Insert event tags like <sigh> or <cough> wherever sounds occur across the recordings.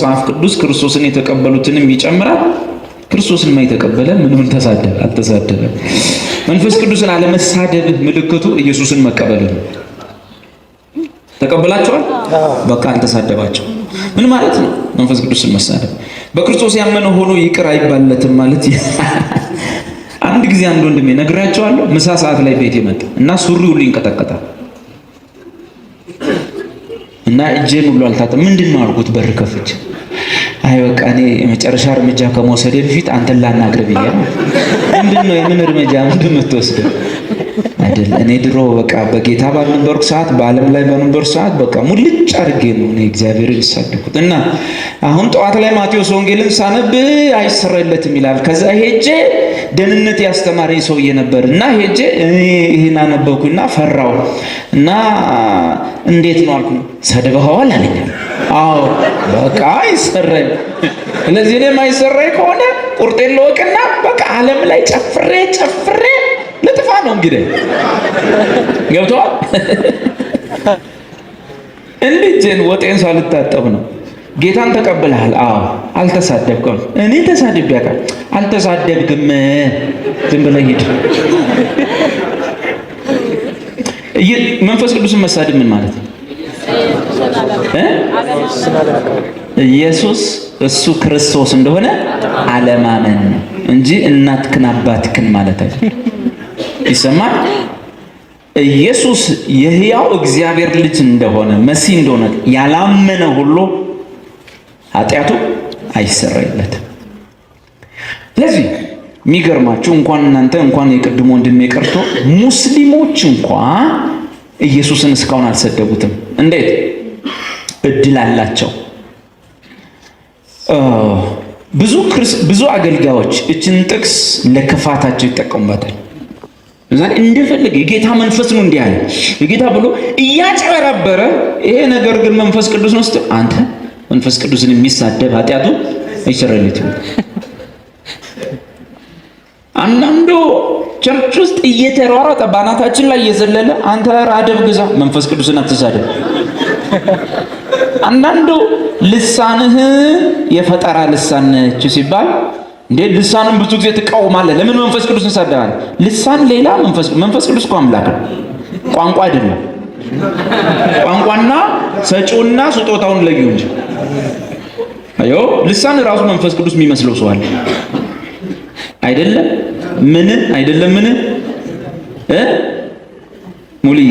መጽሐፍ ቅዱስ ክርስቶስን የተቀበሉትንም ይጨምራል። ክርስቶስን የተቀበለ ምንም ተሳደበ አልተሳደበም። መንፈስ ቅዱስን አለመሳደብ ምልክቱ ኢየሱስን መቀበል ነው። ተቀበላቸዋል። በቃ አልተሳደባቸው። ምን ማለት ነው? መንፈስ ቅዱስን መሳደብ በክርስቶስ ያመነ ሆኖ ይቅር አይባልለትም ማለት። <laughs> አንድ ጊዜ አንድ ወንድሜ ነግራቸዋለሁ። ምሳ ሰዓት ላይ ቤት መጣ እና ሱሪ ሁሉ ይንቀጠቀጣል እና እጄን ሁሉ አልታጠም ምንድን ነው አልኩት፣ በር ከፍቼ አይ በቃ እኔ የመጨረሻ እርምጃ ከመውሰዴ በፊት አንተን ላናግር ብዬ ነው። ምንድን ነው የምን እርምጃ ምንድን የምትወስደው? አይደል? እኔ ድሮ በቃ በጌታ ባልነበርኩ ሰዓት በዓለም ላይ በነበርኩ ሰዓት በቃ ሙልጭ አድርጌ ነው እኔ እግዚአብሔርን የሳደኩት እና አሁን ጠዋት ላይ ማቴዎስ ወንጌልን ሳነብ አይሰረለትም ይላል። ከዛ ሄጄ ደህንነት ያስተማረኝ ሰውዬ ነበር እና ሄጄ እኔ ይህን አነበብኩና ፈራው እና እንዴት ነው አልኩ። ሰድበኸዋል አለኝ። አዎ በቃ አይሰራኝ። እነዚህ እኔም አይሰራኝ ከሆነ ቁርጤን ለወቅና በቃ ዓለም ላይ ጨፍሬ ጨፍሬ ነው እንግዲህ ገብተዋል። እንዴ ጀን ወጤን ሳልታጠብ ነው ጌታን ተቀብለሃል? አዎ። አልተሳደብክም? እኔ ተሳደብ ያቃ አልተሳደብክም፣ ዝም ብለህ ሂድ። መንፈስ ቅዱስን መሳደብ ምን ማለት ነው? ኢየሱስ እሱ ክርስቶስ እንደሆነ አለማመን ነው እንጂ እናትክን አባትክን ማለት አይደለም። ይሰማል። ኢየሱስ የሕያው እግዚአብሔር ልጅ እንደሆነ መሲህ እንደሆነ ያላመነ ሁሉ ኃጢአቱ አይሰረይለትም። ስለዚህ የሚገርማችሁ እንኳን እናንተ እንኳን የቅድሞ ወንድሜ ቀርቶ ሙስሊሞች እንኳ ኢየሱስን እስካሁን አልሰደቡትም። እንዴት እድል አላቸው። ብዙ አገልጋዮች እችን ጥቅስ ለክፋታቸው ይጠቀሙበታል። እዛን እንደፈለገ የጌታ መንፈስ ነው እንዲህ የጌታ ብሎ እያጨበረበረ ይሄ ነገር ግን መንፈስ ቅዱስ ነው ስትል አንተ መንፈስ ቅዱስን የሚሳደብ ኃጢአቱ ይሰራልት። አንዳንዱ ቸርች ውስጥ እየተሯሯጠ ባናታችን ላይ እየዘለለ አንተ አደብ ግዛ፣ መንፈስ ቅዱስን አትሳደብ። አንዳንዱ ልሳንህ የፈጠራ ልሳን ነች ሲባል እንዴ ልሳንም ብዙ ጊዜ ትቃወማለህ። ለምን መንፈስ ቅዱስ እንሰዳለን? ልሳን ሌላ መንፈስ መንፈስ ቅዱስ እኮ አምላክ ነው፣ ቋንቋ አይደለም። ቋንቋና ሰጪውና ስጦታውን ለዩ እንጂ አዮ ልሳን ራሱ መንፈስ ቅዱስ የሚመስለው ሰው አለ አይደለም? ምን አይደለም? ምን እ ሙልዬ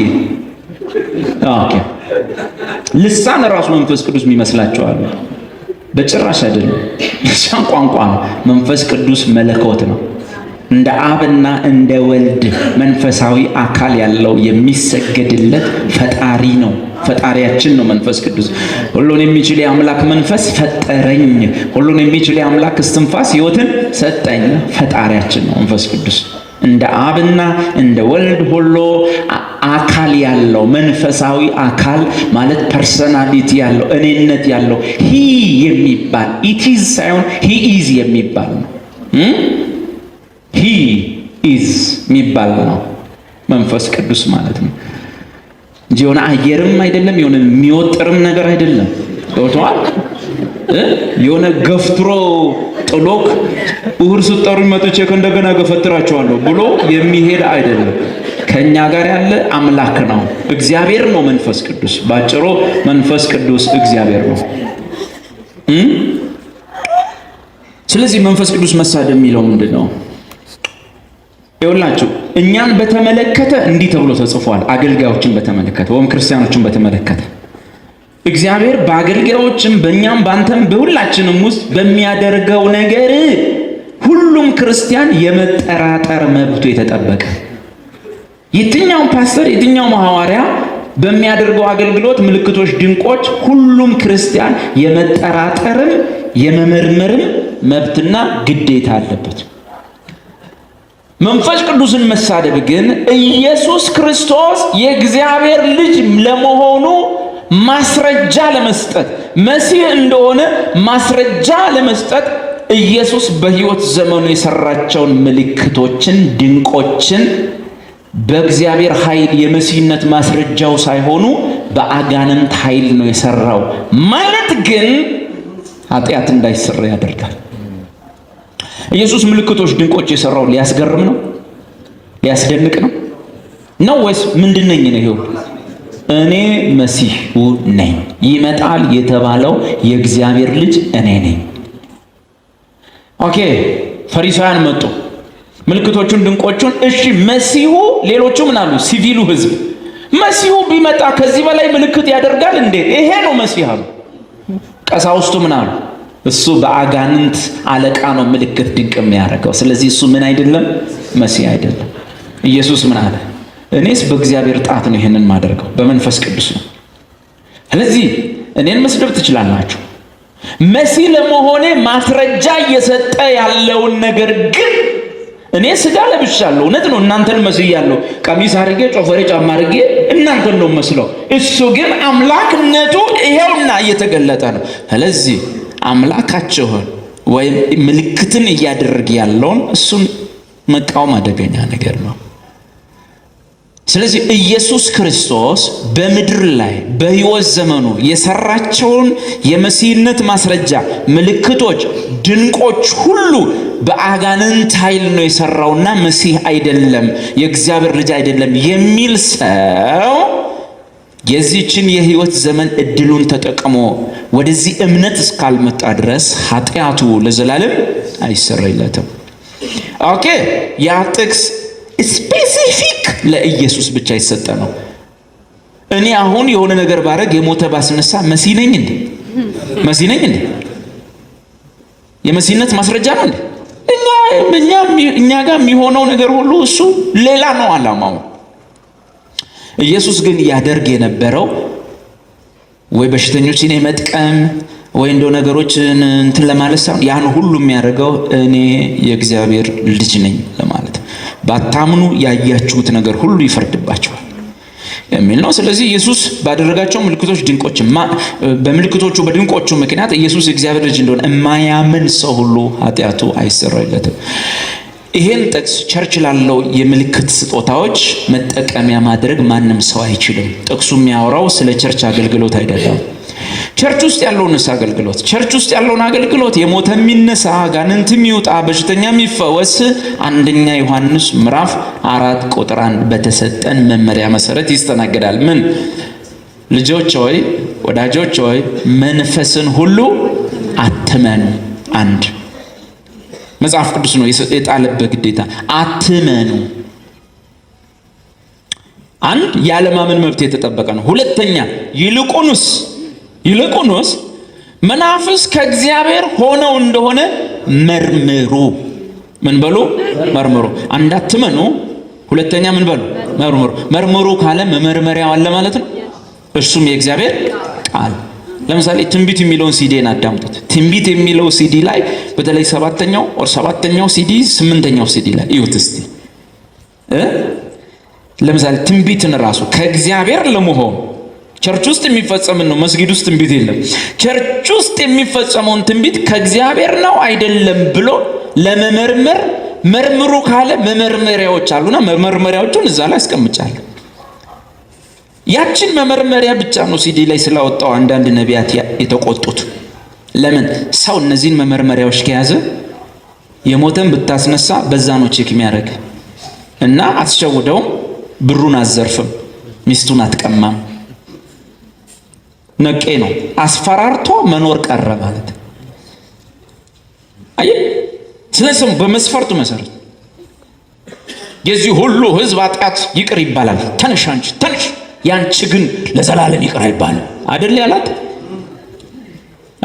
ኦኬ ልሳን ራሱ መንፈስ ቅዱስ የሚመስላቸዋል። በጭራሽ አይደለም። እሷን ቋንቋ ነው። መንፈስ ቅዱስ መለኮት ነው። እንደ አብና እንደ ወልድ መንፈሳዊ አካል ያለው የሚሰገድለት ፈጣሪ ነው። ፈጣሪያችን ነው መንፈስ ቅዱስ። ሁሉን የሚችል የአምላክ መንፈስ ፈጠረኝ፣ ሁሉን የሚችል የአምላክ እስትንፋስ ሕይወትን ሰጠኝ። ፈጣሪያችን ነው መንፈስ ቅዱስ እንደ አብና እንደ ወልድ ሁሉ አካል ያለው መንፈሳዊ አካል ማለት ፐርሰናሊቲ ያለው እኔነት ያለው ሂ የሚባል ኢቲዝ ሳይሆን ሂ ኢዝ የሚባል ነው። ሂ ኢዝ የሚባል ነው መንፈስ ቅዱስ ማለት ነው እንጂ የሆነ አየርም አይደለም፣ የሆነ የሚወጥርም ነገር አይደለም። ገብቶሃል? የሆነ ገፍትሮ ጥሎክ ውህር ስትጠሩኝ መጥቼ ከእንደገና ገፈትራቸዋለሁ ብሎ የሚሄድ አይደለም። ከእኛ ጋር ያለ አምላክ ነው። እግዚአብሔር ነው መንፈስ ቅዱስ። ባጭሩ መንፈስ ቅዱስ እግዚአብሔር ነው። ስለዚህ መንፈስ ቅዱስ መሳደብ የሚለው ምንድን ነው? ይኸውላችሁ እኛን በተመለከተ እንዲህ ተብሎ ተጽፏል። አገልጋዮችን በተመለከተ ወይም ክርስቲያኖችን በተመለከተ እግዚአብሔር በአገልጋዮችም በእኛም ባንተም በሁላችንም ውስጥ በሚያደርገው ነገር ሁሉም ክርስቲያን የመጠራጠር መብቱ የተጠበቀ የትኛውም ፓስተር የትኛውም ሐዋርያ በሚያደርገው አገልግሎት ምልክቶች፣ ድንቆች ሁሉም ክርስቲያን የመጠራጠርም የመመርመርም መብትና ግዴታ አለበት። መንፈስ ቅዱስን መሳደብ ግን ኢየሱስ ክርስቶስ የእግዚአብሔር ልጅ ለመሆኑ ማስረጃ ለመስጠት መሲህ እንደሆነ ማስረጃ ለመስጠት ኢየሱስ በሕይወት ዘመኑ የሰራቸውን ምልክቶችን ድንቆችን በእግዚአብሔር ኃይል የመሲህነት ማስረጃው ሳይሆኑ በአጋንንት ኃይል ነው የሰራው ማለት ግን ኃጢአት እንዳይሰራ ያደርጋል። ኢየሱስ ምልክቶች፣ ድንቆች የሰራው ሊያስገርም ነው ሊያስደንቅ ነው ነው ወይስ ምንድነኝ ነው ይሄው እኔ መሲሁ ነኝ ይመጣል የተባለው የእግዚአብሔር ልጅ እኔ ነኝ። ኦኬ ፈሪሳውያን መጡ። ምልክቶቹን፣ ድንቆቹን። እሺ መሲሁ ሌሎቹ ምን አሉ? ሲቪሉ ህዝብ መሲሁ ቢመጣ ከዚህ በላይ ምልክት ያደርጋል እንዴ? ይሄ ነው መሲህ አሉ። ቀሳውስቱ ምን አሉ? እሱ በአጋንንት አለቃ ነው ምልክት ድንቅ የሚያደርገው። ስለዚህ እሱ ምን አይደለም? መሲህ አይደለም። ኢየሱስ ምን አለ? እኔስ በእግዚአብሔር ጣት ነው ይሄንን ማደርገው፣ በመንፈስ ቅዱስ ነው። ስለዚህ እኔን መስደብ ትችላላችሁ። መሲህ ለመሆኔ ማስረጃ እየሰጠ ያለውን ነገር ግን እኔ ስጋ ለብሻለሁ። እውነት ነው፣ እናንተን መስያለሁ። ቀሚስ አድርጌ ጮፈሬ ጫማ አድርጌ እናንተን ነው መስለው። እሱ ግን አምላክነቱ ይሄውና እየተገለጠ ነው። ስለዚህ አምላካችሁን ወይም ምልክትን እያደረገ ያለውን እሱን መቃወም አደገኛ ነገር ነው። ስለዚህ ኢየሱስ ክርስቶስ በምድር ላይ በሕይወት ዘመኑ የሰራቸውን የመሲህነት ማስረጃ ምልክቶች፣ ድንቆች ሁሉ በአጋንንት ኃይል ነው የሰራውና መሲህ አይደለም፣ የእግዚአብሔር ልጅ አይደለም የሚል ሰው የዚችን የሕይወት ዘመን እድሉን ተጠቅሞ ወደዚህ እምነት እስካልመጣ ድረስ ኃጢአቱ ለዘላለም አይሰረይለትም። ኦኬ ያ ጥቅስ ስፔሲፊክ ለኢየሱስ ብቻ የተሰጠ ነው። እኔ አሁን የሆነ ነገር ባረግ የሞተ ባስነሳ መሲ ነኝ እንዴ? መሲ ነኝ እንዴ? የመሲነት ማስረጃ ነው እንዴ? እኛ እኛ ጋር የሚሆነው ነገር ሁሉ እሱ ሌላ ነው አላማው። ኢየሱስ ግን ያደርግ የነበረው ወይ በሽተኞችን የመጥቀም ወይ እንደው ነገሮችን እንትን ለማለት ሳይሆን ያን ሁሉ የሚያደርገው እኔ የእግዚአብሔር ልጅ ነኝ ለማለት ባታምኑ ያያችሁት ነገር ሁሉ ይፈርድባችኋል የሚል ነው። ስለዚህ ኢየሱስ ባደረጋቸው ምልክቶች ድንቆች በምልክቶቹ በድንቆቹ ምክንያት ኢየሱስ እግዚአብሔር ልጅ እንደሆነ የማያምን ሰው ሁሉ ኃጢአቱ አይሰረይለትም። ይሄን ጥቅስ ቸርች ላለው የምልክት ስጦታዎች መጠቀሚያ ማድረግ ማንም ሰው አይችልም። ጥቅሱ የሚያወራው ስለ ቸርች አገልግሎት አይደለም። ቸርች ውስጥ ያለውን አገልግሎት ቸርች ውስጥ ያለውን አገልግሎት የሞተ የሚነሳ ጋንንት የሚወጣ በሽተኛ የሚፈወስ አንደኛ ዮሐንስ ምዕራፍ አራት ቁጥር አንድ በተሰጠን መመሪያ መሰረት ይስተናገዳል። ምን ልጆች ሆይ ወዳጆች ሆይ መንፈስን ሁሉ አትመኑ። አንድ መጽሐፍ ቅዱስ ነው የጣለበት ግዴታ አትመኑ። አንድ ያለማመን መብት የተጠበቀ ነው። ሁለተኛ ይልቁንስ ይልቁንስ መናፍስ ከእግዚአብሔር ሆነው እንደሆነ መርምሩ። ምን በሉ? መርምሩ። አንዳትመኑ ሁለተኛ ምን በሉ? መርምሩ። መርምሩ ካለ መመርመሪያው አለ ማለት ነው። እሱም የእግዚአብሔር ቃል። ለምሳሌ ትንቢት የሚለውን ሲዲን አዳምጡት። ትንቢት የሚለው ሲዲ ላይ በተለይ ሰባተኛው ኦር ሰባተኛው ሲዲ ስምንተኛው ሲዲ ላይ እዩት እስቲ ለምሳሌ ትንቢትን ራሱ ከእግዚአብሔር ለመሆን ቸርች ውስጥ የሚፈጸምን ነው። መስጊድ ውስጥ ትንቢት የለም። ቸርች ውስጥ የሚፈጸመውን ትንቢት ከእግዚአብሔር ነው አይደለም ብሎ ለመመርመር መርምሩ ካለ መመርመሪያዎች አሉና መመርመሪያዎቹን እዛ ላይ አስቀምጫለሁ። ያችን መመርመሪያ ብቻ ነው ሲዲ ላይ ስላወጣው አንዳንድ ነቢያት የተቆጡት። ለምን ሰው እነዚህን መመርመሪያዎች ከያዘ የሞተን ብታስነሳ በዛ ነው ቼክ የሚያደርግ እና አትሸውደውም፣ ብሩን አትዘርፍም፣ ሚስቱን አትቀማም ነቄ ነው። አስፈራርቶ መኖር ቀረ ማለት አይ ስለዚህ በመስፈርቱ መሰረት የዚህ ሁሉ ህዝብ ኃጢአት ይቅር ይባላል። ተነሽ አንቺ ተነሽ፣ ያንቺ ግን ለዘላለም ይቅር አይባልም አይደል ያላት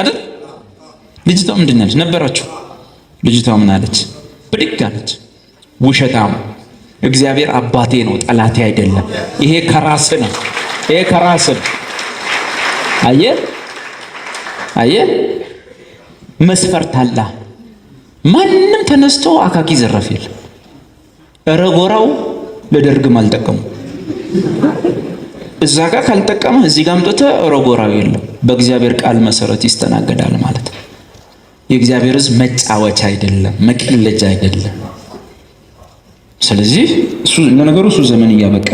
አይደል? ልጅቷ ምንድን አለች ነበራችሁ? ልጅቷ ምን አለች? ብድግ አለች። ውሸታም እግዚአብሔር አባቴ ነው ጠላቴ አይደለም። ይሄ ከራስ ነው። ይሄ ከራስ ነው። አየ አየ መስፈርት አላ። ማንም ተነስቶ አካኪ ዘራፍ የለም። ረጎራው ለደርግም አልጠቀሙ። እዛ ጋር ካልጠቀመ እዚህ ጋር አምጥተህ ረጎራው የለም። በእግዚአብሔር ቃል መሰረት ይስተናገዳል ማለት ነው። የእግዚአብሔር ሕዝብ መጫወቻ አይደለም፣ መቀለጃ አይደለም። ስለዚህ እሱ ለነገሩ እሱ ዘመን እያበቃ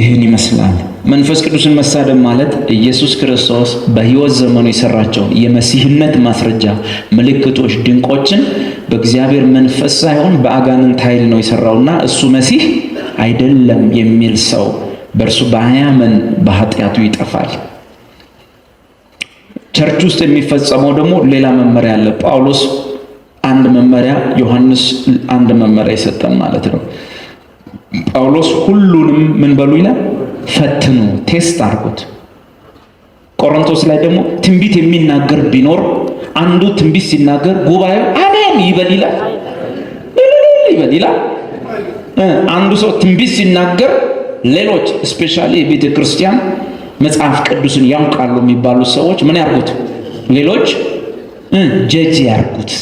ይህን ይመስላል። መንፈስ ቅዱስን መሳደብ ማለት ኢየሱስ ክርስቶስ በሕይወት ዘመኑ የሰራቸው የመሲህነት ማስረጃ ምልክቶች፣ ድንቆችን በእግዚአብሔር መንፈስ ሳይሆን በአጋንንት ኃይል ነው የሰራውና እሱ መሲህ አይደለም የሚል ሰው በእርሱ ባያምን በኃጢአቱ ይጠፋል። ቸርች ውስጥ የሚፈጸመው ደግሞ ሌላ መመሪያ አለ። ጳውሎስ አንድ መመሪያ፣ ዮሐንስ አንድ መመሪያ ይሰጠን ማለት ነው። ጳውሎስ ሁሉንም ምን በሉ ይላል ፈትኑ፣ ቴስት አድርጉት። ቆሮንቶስ ላይ ደግሞ ትንቢት የሚናገር ቢኖር አንዱ ትንቢት ሲናገር ጉባኤው አሜን ይበል ይላል፣ ይበል ይላል። አንዱ ሰው ትንቢት ሲናገር ሌሎች ስፔሻሊ የቤተ ክርስቲያን መጽሐፍ ቅዱስን ያውቃሉ የሚባሉት ሰዎች ምን ያርጉት? ሌሎች ጀጅ ያርጉት።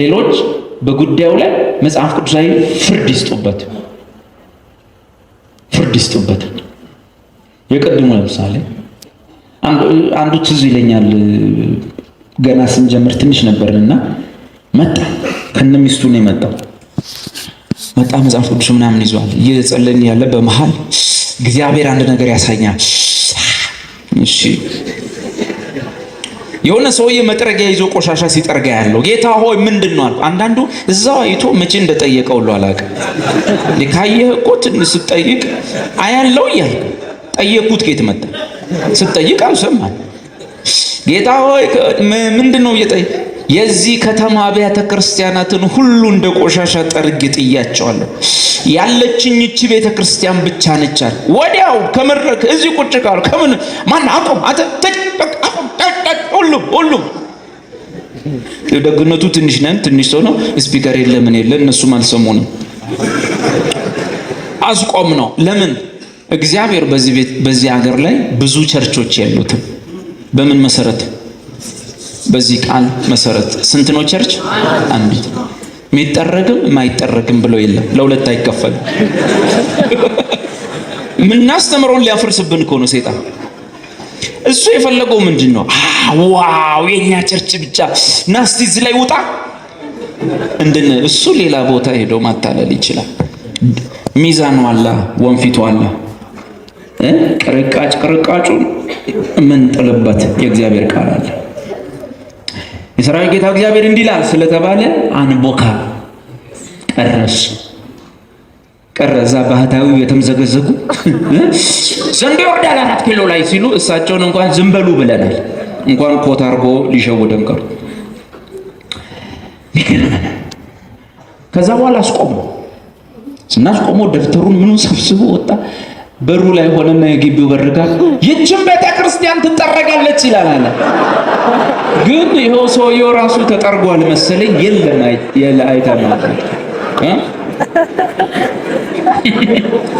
ሌሎች በጉዳዩ ላይ መጽሐፍ ቅዱሳዊ ፍርድ ይስጡበት። ይስጥበት። የቅድሙ ለምሳሌ አንዱ ትዝ ይለኛል። ገና ስንጀምር ትንሽ ነበርንና መጣ፣ ሚስቱ ነው የመጣው። መጣ መጽሐፍ ቅዱስ ምናምን ይዟል። እየጸለን ያለ በመሃል እግዚአብሔር አንድ ነገር ያሳኛል። እሺ የሆነ ሰውዬ መጥረጊያ ይዞ ቆሻሻ ሲጠርጋ ያለው ጌታ ሆይ ምንድን ነው አንዳንዱ እዛው አይቶ መቼ እንደጠየቀው ሁሉ አላውቅም። ካየህ እኮ ትንሽ ስጠይቅ አያለው እያልኩ ጠየቁት። ጌት መጣ ስጠይቅ አልሰማል። ጌታ ሆይ ምንድን ነው እየጠየቅ የዚህ ከተማ አብያተ ክርስቲያናትን ሁሉ እንደ ቆሻሻ ጠርግ ጥያቸዋለሁ። ያለችኝ እቺ ቤተ ክርስቲያን ብቻ ነች አለ። ወዲያው ከመድረክ እዚህ ቁጭ ካሉ ከምን ማን አተ ሁሉም ሁሉም ደግነቱ ትንሽ ነን፣ ትንሽ ሰው ነው። ስፒከር የለ የለ፣ እነሱም አልሰሙንም። አስቆም ነው። ለምን እግዚአብሔር በዚህ ቤት በዚህ ሀገር ላይ ብዙ ቸርቾች ያሉት? በምን መሰረት? በዚህ ቃል መሰረት። ስንት ነው ቸርች? አንዲት የሚጠረግም የማይጠረግም ብለው የለም። ለሁለት አይከፈልም። <laughs> ምናስተምረውን ሊያፈርስብን ከሆነ ነው ሴጣን። እሱ የፈለገው ምንድን ነው? ዋው የኛ ቸርች ብቻ ናስቲ እዚህ ላይ ውጣ እንድን እሱ ሌላ ቦታ ሄዶ ማታለል ይችላል። ሚዛኑ አላ ወንፊቱ አላ ቅርቃጭ ምን ጥልበት የእግዚአብሔር ቃል አለ። የሰራዊት ጌታ እግዚአብሔር እንዲላል ስለተባለ አንቦካ ቀረሱ ቀረ እዛ ባህታዊ የተምዘገዘጉ ዘንዶ ይወርዳል አራት ኪሎ ላይ ሲሉ እሳቸውን እንኳን ዝም በሉ ብለናል። እንኳን ኮት አርጎ ሊሸውደን ቀሩ። ከዛ በኋላ አስቆሙ። ስናስቆሞ ደብተሩን ምኑን ሰብስቦ ወጣ። በሩ ላይ ሆነና የግቢው በርጋ ይችን ቤተ ክርስቲያን ትጠረጋለች ይላል አለ። ግን ይኸው ሰውየው ራሱ ተጠርጓል መሰለኝ። የለም አይታ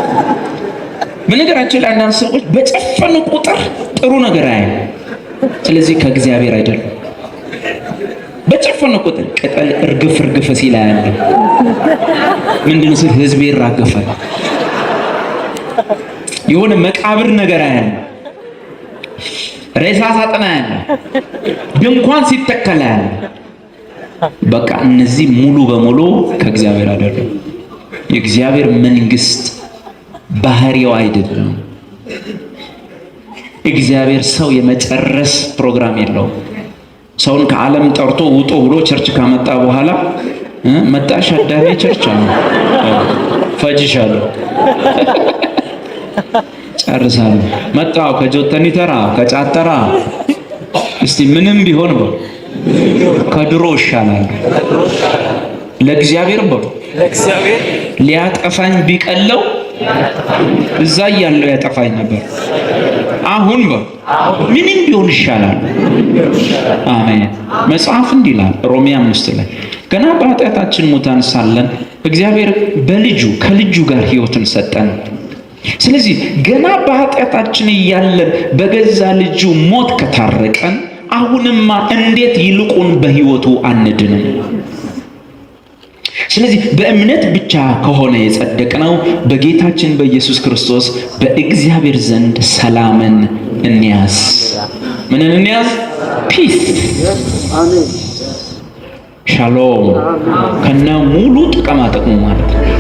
<laughs> በነገራችን ላይ አንዳንድ ሰዎች በጨፈኑ ቁጥር ጥሩ ነገር አያዩ። ስለዚህ ከእግዚአብሔር አይደሉም። በጨፈኑ ቁጥር ቅጠል እርግፍ እርግፍ ሲል አያለ ምንድን ሲል ህዝብ ይራገፋል። የሆነ መቃብር ነገር አያለ፣ ሬሳ ሳጥን አያለ፣ ድንኳን ሲተከል አያለ። በቃ እነዚህ ሙሉ በሙሉ ከእግዚአብሔር አይደሉም። የእግዚአብሔር መንግስት ባህሪው አይደለም። እግዚአብሔር ሰው የመጨረስ ፕሮግራም የለውም። ሰውን ከዓለም ጠርቶ ውጡ ብሎ ቸርች ካመጣ በኋላ መጣሽ አዳሜ ቸርች አለ ፈጅሻለሁ ጨርሳለሁ መጣው ከጆተኒ ተራ ከጫት ተራ እስቲ ምንም ቢሆን በው ከድሮ ይሻላል ለእግዚአብሔር በው ሊያጠፋኝ ቢቀለው እዛ እያለው ያጠፋኝ ነበር። አሁን ምንም ቢሆን ይሻላል። አሜን። መጽሐፍ እንዲህ ይላል ሮሜ አምስት ላይ ገና በኃጢአታችን ሙታን ሳለን እግዚአብሔር በልጁ ከልጁ ጋር ሕይወትን ሰጠን። ስለዚህ ገና በኃጢአታችን እያለን በገዛ ልጁ ሞት ከታረቀን አሁንማ እንዴት ይልቁን በሕይወቱ አንድንም ስለዚህ በእምነት ብቻ ከሆነ የጸደቅነው በጌታችን በኢየሱስ ክርስቶስ በእግዚአብሔር ዘንድ ሰላምን እንያዝ። ምንን እንያዝ? ፒስ ሻሎም ከነ ሙሉ ጥቅማ ጥቅሙ ማለት ነው።